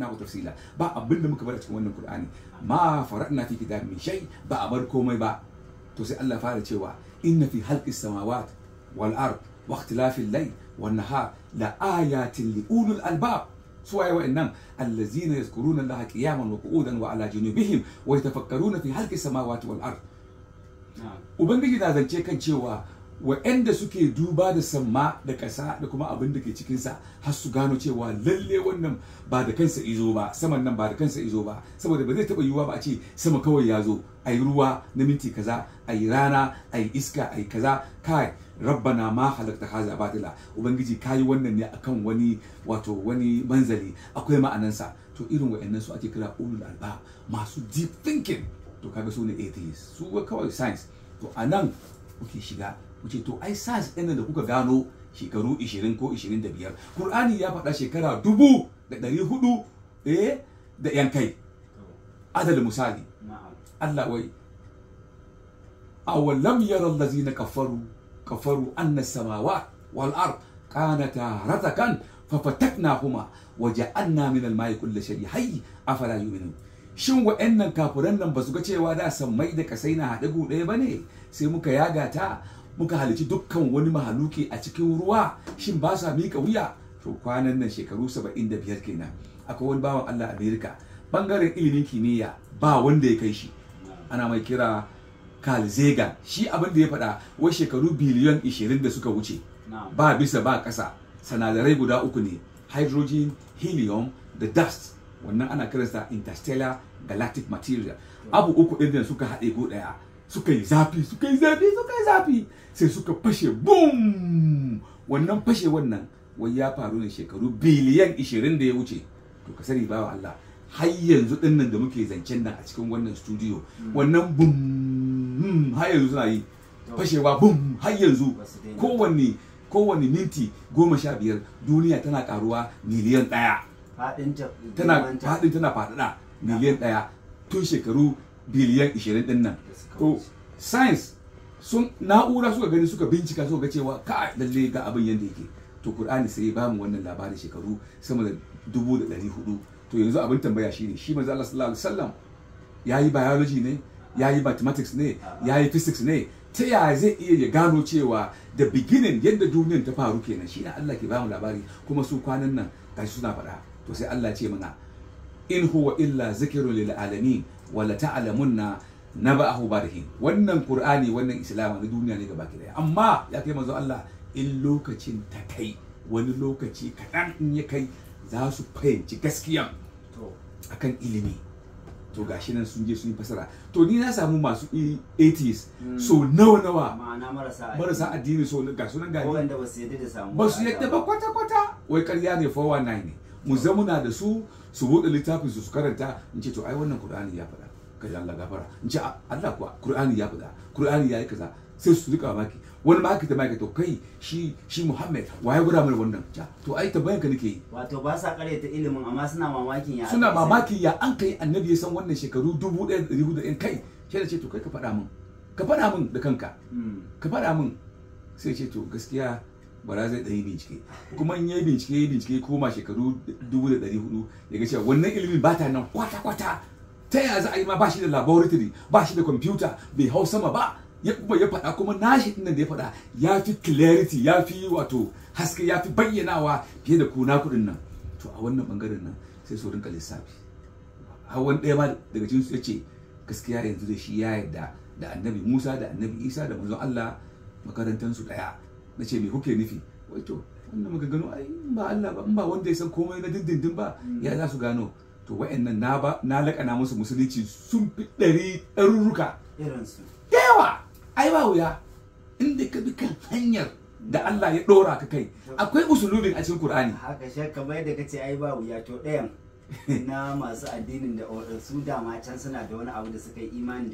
ما فرقنا في كتاب شيء بقى بركو ما بقى توسي الله فعل ان في حلق السماوات والارض واختلاف الليل والنهار لايات لاولي الالباب سواء وانما الذين يذكرون الله قياما وقعودا وعلى جنوبهم ويتفكرون في حلق السماوات والارض نعم وبنجي هذا الشيء كان wa'anda suke duba da sama da ƙasa da kuma abin da ke sa har su gano cewa lalle wannan ba da kansa izo ba saman nan ba da kansa izo ba saboda ba zai taɓa yiwuwa ba a ce sama kawai ya zo a yi ruwa na minti kaza a yi rana a yi iska a yi kaza kai rabbana ma halakta haza batila ubangiji kayi wannan ne akan wani wato wani manzali akwai ma'anansa to irin wa'annan su ake kira ulul alba masu deep thinking to kaga su ne atheists su kawai science to anan kuke shiga mu to ai SARS ɗin da kuka gano shekaru 20 ko 25 Qur'ani ya faɗa shekara dubu da ɗari hudu eh da yan kai adal misali Allah wai lam yara allazina kafaru kafaru anna samawa wal ard kanata ratakan Waje waja'alna min al-ma'i kulli shay'in hayy afala yu'minun shin wa'annan kafuran nan ba su ga cewa da sammai mai da kasai na haɗe ɗaya ba ne sai muka yaga ta muka halici dukkan wani mahaluki a cikin ruwa shin ba sa mika wuya to kwanan nan shekaru 75 kenan akwai wani bawan Allah Amerika bangaren ilimin kimiyya ba wanda ya kai shi ana mai kira Carl Sagan shi abin da ya faɗa wai shekaru biliyon 20 da suka wuce ba bisa ba ƙasa sanadarai guda uku ne hydrogen helium da dust wannan ana kiransa interstellar galactic material abu uku ɗin suka haɗe ko ɗaya suka yi zafi suka yi zafi suka yi zafi sai suka fashe boom wannan fashe wannan wai ya faru ne shekaru biliyan 20 da ya wuce to ka sani bawa Allah har yanzu dinnan da muke zancen nan a cikin wannan studio hmm. wannan boom hmm, har yanzu suna yi fashewa boom har yanzu kowanne kowanne minti goma sha biyar duniya tana karuwa miliyan ɗaya tana faɗin tana faɗaɗa miliyan ɗaya tun shekaru biliyan 20 din nan to science sun na'ura suka gani suka bincika suka ga cewa ka lalle ga abin yadda yake to Qur'ani sai ba mu wannan labarin shekaru sama da 1400 to yanzu abin tambaya shine shi manzo Allah sallallahu alaihi wasallam yayi biology ne yayi mathematics ne yayi physics ne ta yaya zai iya ya gano cewa da beginning yadda duniyar ta faru kenan shi Allah ke ba mu labari kuma su kwanan nan gashi suna faɗa to sai Allah ce mana in huwa illa zikiru lil alamin wala ta'lamunna naba'ahu badahin wannan qur'ani wannan islama na duniya ne gaba daya amma ya kai manzo Allah in lokacin ta kai wani lokaci kaɗan in ya kai za su fahimci gaskiya akan ilimi to gashi nan sun je sun yi fasara to ni na samu masu 80s hmm. so nawa nawa marasa addini so ga sunan gani ba su yadda ba kwata kwata wai karya ne 419 ne mu zamuna da su su buɗe littafin su su karanta in ce to ai wannan Qur'ani ya faɗa ji Allah gafara in ce Allah kuwa Qur'ani ya faɗa Qur'ani ya yi kaza sai su rika maki wani ma aka tambaye to kai shi shi Muhammad waye gura mana wannan to ai tambayan ka nake wato ba sa kare ta ilimin amma suna mamakin ya suna mamakin ya an kai annabi ya san wannan shekaru 1400 kai sai da ce to kai ka faɗa min ka faɗa min da kanka hmm. ka faɗa min sai ce to gaskiya bara zai dari bincike kuma in yi bincike yi bincike koma shekaru dubu da ɗari hudu ya cewa wannan ilimin ba ta nan kwata kwata ta yaya za a yi ma ba shi da laboratory ba shi da computer bai hau sama ba ya kuma ya faɗa kuma nashi ɗin da ya faɗa ya fi clarity ya fi wato haske ya fi bayyanawa fiye da kuna na kuɗin nan to a wannan bangaren nan sai su rinka lissafi hawan ɗaya ma daga cikin ya ce gaskiya yanzu da shi ya yarda da annabi musa da annabi isa da manzon allah makarantansu ɗaya na ce me kuke nufi wai to wannan maganganu ai ba Allah ba ba wanda ya san komai na dindindin ba ya za su gano to wayannan na ba na lakana musu musulunci sun fi ɗari ɗarurruka irinsu yawa ai ba wuya inda ka bi kan hanyar da Allah ya ɗora ka kai akwai usulubin a cikin Qur'ani haka shakka bai da kace ai ba wuya to ɗayan na masu addinin da su dama can suna da wani abu da suka yi imani da